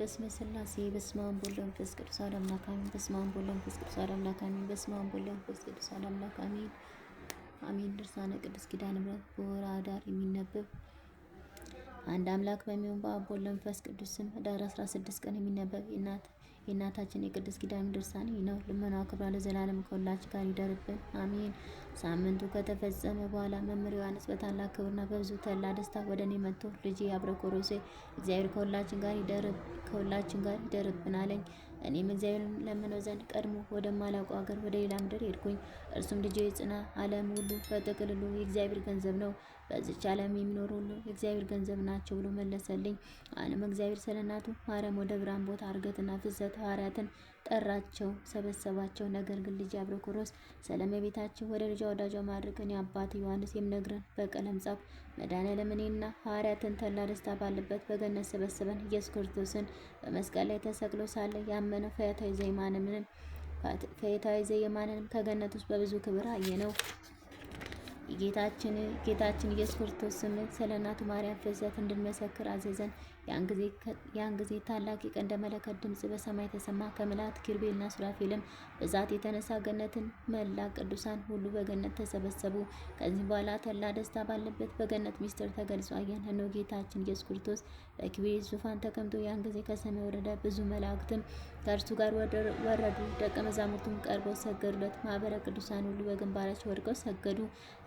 በስመ ስላሴ በስመ አብ ወወልድ ወመንፈስ ቅዱስ አሐዱ አምላክ አሜን። በስመ አብ ወወልድ ወመንፈስ ቅዱስ አሐዱ አምላክ አሜን። በስመ አብ ወወልድ ወመንፈስ ቅዱስ አሐዱ አምላክ አሜን አሜን። ድርሳነ ቅድስት ኪዳነምህረት በወርኃ ኅዳር የሚነበብ አንድ አምላክ በሚሆን በአብ ወወልድ ወመንፈስ ቅዱስ ስም ኅዳር 16 ቀን የሚነበብ የእናት የእናታችን የቅድስት ኪዳን ድርሳን ነው። ልመናዋ ክብራ ለዘላለም ከሁላችን ጋር ይደርብን፣ አሜን። ሳምንቱ ከተፈጸመ በኋላ መምህር ዮሐንስ በታላቅ ክብርና በብዙ ተላ ደስታ ወደ እኔ መጥቶ ልጄ አብረኮሮሴ እግዚአብሔር ከሁላችን ጋር ይደርብ ከሁላችን ጋር ይደርብን አለኝ። እኔም እግዚአብሔር ለምነው ዘንድ ቀድሞ ወደማላውቀው ሀገር ወደ ሌላ ምድር ሄድኩኝ። እርሱም ልጅ ጽና፣ ዓለም ሁሉ በጥቅልሉ የእግዚአብሔር ገንዘብ ነው በዚች ዓለም የሚኖሩ ሁሉ እግዚአብሔር ገንዘብ ናቸው ብሎ መለሰልኝ። አለም እግዚአብሔር ስለ እናቱ ማርያም ወደ ብርሃን ቦታ እርገትና ፍልሰት ሐዋርያትን ጠራቸው፣ ሰበሰባቸው። ነገር ግን ልጅ አብረኮሮስ ሰለም የቤታቸው ወደ ልጇ ወዳጇ ማድረግን የአባት ዮሐንስ የምነግረን በቀለም ጻፍ መድኃኔዓለም እኔና ሐዋርያትን ተላ ደስታ ባለበት በገነት ሰበሰበን። ኢየሱስ ክርስቶስን በመስቀል ላይ ተሰቅሎ ሳለ ያመነ ፈያታዊ ዘየማንንም ፈያታዊ ዘየማንንም ከገነት ውስጥ በብዙ ክብር አየነው። ጌታችን ጌታችን ኢየሱስ ክርስቶስ ስም ስለ እናቱ ማርያም ፍልሰት እንድንመሰክር አዘዘን። ያን ጊዜ ታላቅ የቀንደ መለከት ድምፅ በሰማይ ተሰማ። ከመላእክት ኪሩቤልና ሱራፌልም ብዛት የተነሳ ገነትን መላ ቅዱሳን ሁሉ በገነት ተሰበሰቡ። ከዚህ በኋላ ተላ ደስታ ባለበት በገነት ሚስጥር ተገልጾ አየን። እነሆ ጌታችን ኢየሱስ ክርስቶስ በክብር ዙፋን ተቀምጦ ያን ጊዜ ከሰማይ ወረደ። ብዙ መላእክትም ከእርሱ ጋር ወረዱ። ደቀ መዛሙርቱም ቀርበው ሰገዱለት። ማህበረ ቅዱሳን ሁሉ በግንባራቸው ወድቀው ሰገዱ።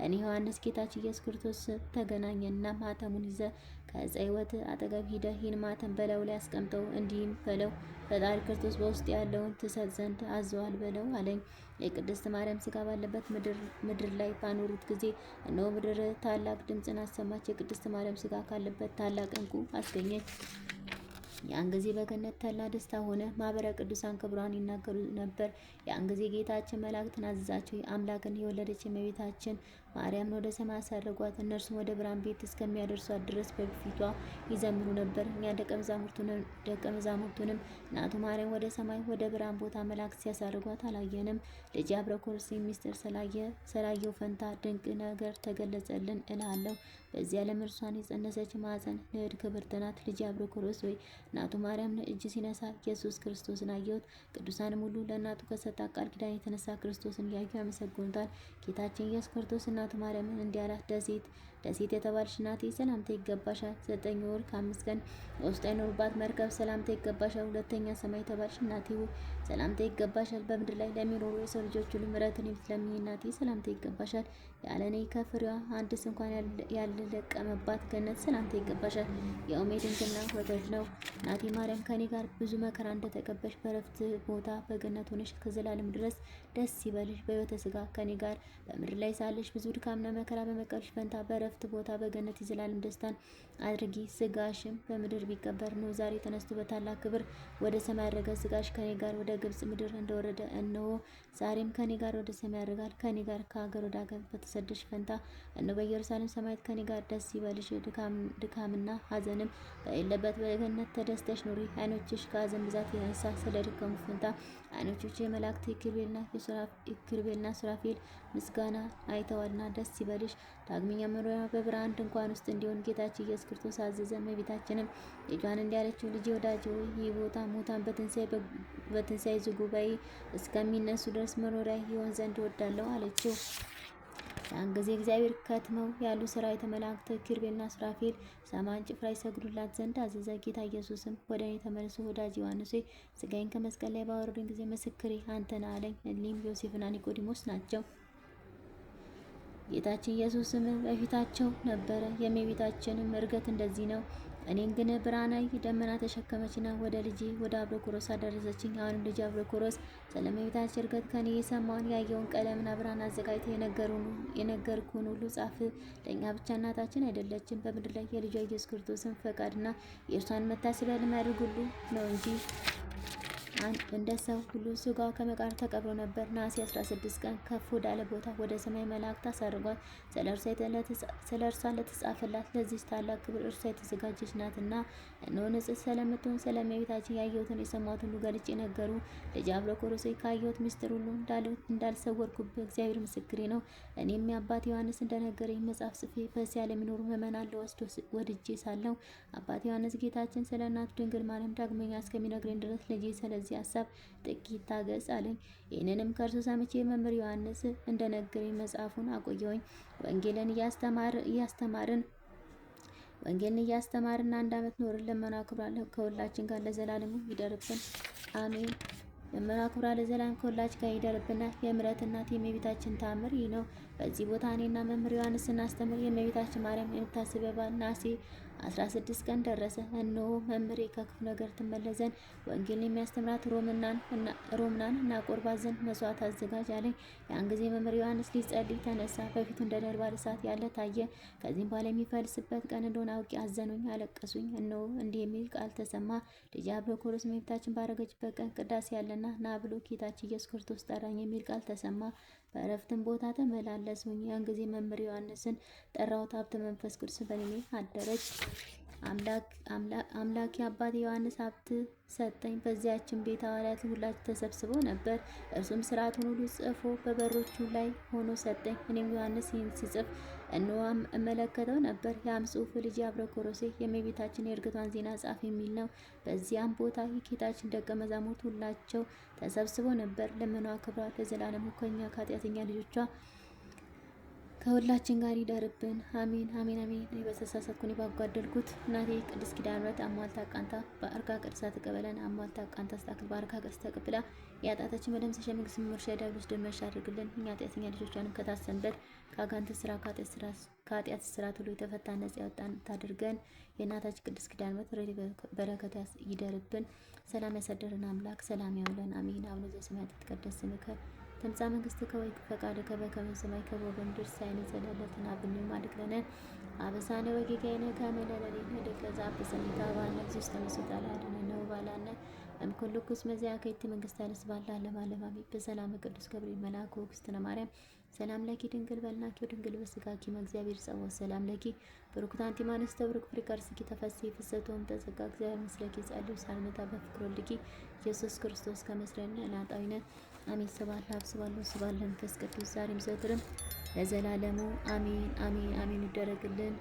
እኔ ዮሐንስ ጌታችን ኢየሱስ ክርስቶስ ተገናኘና ማኅተሙን ይዘ ከዕፀ ሕይወት አጠገብ ሂደ ማተም በለው ላይ አስቀምጠው እንዲህም በለው ፈጣሪ ክርስቶስ በውስጥ ያለውን ትሰጥ ዘንድ አዘዋል በለው አለኝ። የቅድስት ማርያም ስጋ ባለበት ምድር ላይ ባኖሩት ጊዜ እነሆ ምድር ታላቅ ድምፅን አሰማች። የቅድስት ማርያም ስጋ ካለበት ታላቅ እንቁ አስገኘች። ያን ጊዜ በገነት ተላ ደስታ ሆነ። ማህበረ ቅዱሳን ክብሯን ይናገሩ ነበር። ያን ጊዜ ጌታችን መላእክትን አዘዛቸው። አምላክን የወለደች የእመቤታችን ማርያምን ወደ ሰማይ አሳረጓት። እነርሱም ወደ ብርሃን ቤት እስከሚያደርሷት ድረስ በፊቷ ይዘምሩ ነበር። እኛ ደቀ መዛሙርቱንም እናቱ ማርያም ወደ ሰማይ ወደ ብርሃን ቦታ መላእክት ሲያሳርጓት አላየንም። ልጅ አብረኮርስ ሚስጥር ስላየው ፈንታ ድንቅ ነገር ተገለጸልን እላለሁ። በዚህ ዓለም እርሷን የጸነሰች ማዕፀን ንዕድ ክብርት ናት። ልጅ አብረኮርስ ወይ እናቱ ማርያም እጅ ሲነሳ ኢየሱስ ክርስቶስን አየሁት። ቅዱሳንም ሁሉ ለእናቱ ከሰጣ ቃል ኪዳን የተነሳ ክርስቶስን ያዩ ያመሰግኑታል። ጌታችን ኢየሱስ ክርስቶስ እናቱ ማርያምን እንዲህ አላት፣ ደሴት ደሴት የተባለች እናቴ ሰላምታ ይገባሻል። ዘጠኝ ወር ከአምስት ቀን ውስጥ የኖሩባት መርከብ ሰላምታ ይገባሻል። ሁለተኛ ሰማይ የተባለች እናቴ ሰላምታ ይገባሻል። በምድር ላይ ለሚኖሩ የሰው ልጆች ሁሉ ምሕረትን የምትለምኚ እናቴ ሰላምታ ይገባሻል። ያለ እኔ ከፍሬዋ አንድስ እንኳን ያልለቀመባት ገነት ሰላምታ ይገባሻል። የኦሜ ድንግልና ወተት ነው እናቴ ማርያም ከኔ ጋር ብዙ መከራ እንደተቀበሽ በረፍት ቦታ በገነት ሆነሽ ከዘላለም ድረስ ደስ ይበልሽ። በሕይወተ ስጋ ከኔ ጋር በምድር ላይ ሳለሽ ብዙ ድካምና መከራ በመቀበልሽ ፈንታ በረፍት በእረፍት ቦታ በገነት የዘላለም ደስታን አድርጊ። ስጋሽም በምድር ቢቀበር ነው። ዛሬ ተነስቶ በታላቅ ክብር ወደ ሰማይ ያደረገ ስጋሽ ከኔ ጋር ወደ ግብጽ ምድር እንደወረደ እነሆ ዛሬም ከኔ ጋር ወደ ሰማይ ያደርጋል። ከኔ ጋር ከሀገር ወደ ሀገር በተሰደሽ ፈንታ እነሆ በኢየሩሳሌም ሰማያት ከኔ ጋር ደስ ይበልሽ። ድካምና ሀዘንም በሌለበት በገነት ተደስተሽ ኑሪ። አይኖችሽ ከሀዘን ብዛት የተነሳ ስለ ድካሙ ፈንታ አይኖችሽ የመላእክት የኪሩቤልና ሱራፌል ምስጋና አይተዋልና ደስ ይበልሽ። ዳግመኛ በብርሃን ድንኳን ውስጥ እንዲሆን ጌታችን ኢየሱስ ክርስቶስ አዘዘን። እመቤታችንም ልጇን እንዲያለችው ልጅ ወዳጅ ይህ ቦታ ሙታን በትንሣኤ ጉባኤ እስከሚነሱ ድረስ መኖሪያ ይሆን ዘንድ እወዳለሁ አለችው። ያን ጊዜ እግዚአብሔር ከትመው ያሉ ሠራዊተ መላእክት ኪሩቤልና ሱራፌል ሰማን ጭፍራ ይሰግዱላት ዘንድ አዘዘ። ጌታ ኢየሱስም ወደ እኔ ተመልሶ ወዳጅ ዮሐንስ ሆይ ሥጋዬን ከመስቀል ላይ ባወረዱኝ ጊዜ ምስክሬ አንተና አለኝ። እሊህም ዮሴፍና ኒቆዲሞስ ናቸው። ጌታችን ኢየሱስም በፊታቸው ነበረ። የእመቤታችንም እርገት እንደዚህ ነው። እኔን ግን ብራናይ ደመና ተሸከመችና ወደ ልጅ ወደ አብሮኮሮስ አደረሰችኝ። አሁንም ልጅ አብሮኮሮስ ስለ እመቤታችን እርገት ከኔ የሰማውን ያየውን ቀለምና ብራና አዘጋጅተ የነገርኩን ሁሉ ጻፍ። ለእኛ ብቻ እናታችን አይደለችም፣ በምድር ላይ የልጇ ኢየሱስ ክርስቶስን ፈቃድና የእርሷን መታሰቢያ ለሚያደርግ ሁሉ ነው እንጂ ናታን እንደ ሰው ሁሉ ስጋ ከመቃር ተቀብሮ ነበር። ነሐሴ 16 ቀን ከፍ ወዳለ ቦታ ወደ ሰማይ መላእክት አሳርጓት። ስለ እርሷ ለተጻፈላት ለዚህ ታላቅ ክብር እርሷ የተዘጋጀች ናትና እነሆ ንጽሕት ስለምትሆን ስለእመቤታችን ያየሁትን የሰማሁትን ሁሉ ገልጬ ነገሩ። ልጄ አምልኮሮስ ካየሁት ምስጢር ሁሉ እንዳልሰወርኩብህ እግዚአብሔር ምስክሬ ነው። እኔም የአባት ዮሐንስ እንደነገረኝ መጽሐፍ ጽፌ በዚያ ለሚኖሩ ምእመናን ለወስዶ ወድጄ ሳለው አባት ዮሐንስ ጌታችን ስለ እናቱ ድንግል ማርያም ዳግመኛ እስከሚነግረኝ ድረስ ልጄ ስለዚህ ሲያሳብ ጥቂት ታገጽ አለኝ። ይህንንም ከእርሱ ሰምቼ መምህር ዮሐንስ እንደነገረኝ መጽሐፉን አቆየውኝ። ወንጌልን እያስተማርን ወንጌልን እያስተማርን አንድ ዓመት ኖርን። ልመና ክብራ ከሁላችን ጋር ለዘላለሙ ይደርብን፣ አሜን። ልመና ክብራ ለዘላለም ከሁላችን ጋር ይደርብና የምሕረት እናት የእመቤታችን ታምር ይህ ነው። በዚህ ቦታ እኔና መምህር ዮሐንስ ስናስተምር የእመቤታችን ማርያም የምታስበባ ናሴ 16 ቀን ደረሰ። እነሆ መምሬ ከክፉ ነገር ትመለስ ዘንድ ወንጌልን የሚያስተምራት ሮምናን እና ቆርባት ዘንድ መስዋዕት አዘጋጅ አለኝ። ያን ጊዜ መምህር ዮሐንስ ሊጸልይ ተነሳ። በፊቱ እንደ ነበልባል እሳት ያለ ታየ። ከዚህም በኋላ የሚፈልስበት ቀን እንደሆነ አውቄ አዘኑኝ፣ አለቀሱኝ። እነሆ እንዲህ የሚል ቃል ተሰማ። ልጄ በኮሮስ እመቤታችን ባረገችበት ቀን ቅዳሴ ያለና ና ብሎ ጌታችን ኢየሱስ ክርስቶስ ጠራኝ የሚል ቃል ተሰማ። በእረፍትን ቦታ ተመላለስሁኝ። ያን ጊዜ መምህር ዮሐንስን ጠራሁት። ሀብተ መንፈስ ቅዱስ በእኔ አደረች። አምላኪ አባት ዮሐንስ ሀብት ሰጠኝ። በዚያችን ቤት ሐዋርያት ሁላቸው ተሰብስበው ነበር። እርሱም ስርዓቱን ሁሉ ጽፎ በበሮቹ ላይ ሆኖ ሰጠኝ። እኔም ዮሐንስ ይህን ሲጽፍ እነሆ እመለከተው ነበር። ያም ጽሑፍ ልጅ አብረኮሮሴ የእመቤታችን የእርገቷን ዜና ጻፍ የሚል ነው። በዚያም ቦታ የጌታችን ደቀ መዛሙርት ሁላቸው ተሰብስበው ነበር። ለመኗ ክብሯ ለዘላለም ከኛ ከኃጢአተኛ ልጆቿ ከሁላችን ጋር ይደርብን። አሜን አሜን አሜን። እኔ በተሳሳትኩኝ ባጓደልኩት እናቴ ቅድስት ኪዳነ ምሕረት አሟልታ አቃንታ በአርካ ቅድሳ ተቀበለን አሟልታ አቃንታ ስታክል በአርካ ቅድስ ተቀብላ ያጣታችን መደምሰሻ መንግስት መርሻ ዲያብሎስ ደም መርሻ አድርግልን። እኛ ኃጢአተኛ ልጆቿንም ከታሰንበት ከአጋንንት ስራ ከኃጢአት ስራ ሁሉ የተፈታ ነጻ ያወጣን ታድርገን። የእናታችን ቅድስት ኪዳነ ምሕረት በረከት ይደርብን። ሰላም ያሳደረን አምላክ ሰላም ያውለን። አሜን። አቡነ ዘበሰማያት ይትቀደስ ስምከ ተምሳ መንግስት ከወይክ ፈቃደ ከበከመ ሰማይ ከቦ በምድር ሳይነ ዘለለትን አብኒ ለነ አበሳነ ወጌጋይነ ከመለለሌነ ደከዛ በሰሚታ ባለ ዚስ ተመስጣላ ደነነ ባላነ እምኩልኩስ መዚያ ከይት መንግስት አለስ ባላ ለማለማሚ በሰላም ቅዱስ ገብርኤል መልአኩ ክስትነ ማርያም ሰላም ለኪ ድንግል በልናኪ ድንግል በስጋኪ መእግዚአብሔር ጸወት ሰላም ለኪ ብሩክታንቲ ማንስተ ብሩክ ፍሪካርስኪ ተፈሲ ፍሰቶም ተዘጋ እግዚአብሔር ምስለኪ ጸልብ ሳልመጣ በፍቅር ወልድኪ ኢየሱስ ክርስቶስ ከመስረነ ናጣዊነት አሜን። ስብሐት ለአብ ስብሐት ለወልድ ስብሐት ለመንፈስ ቅዱስ ዛሬም ዘወትርም ለዘላለሙ አሜን አሜን አሜን ይደረግልን።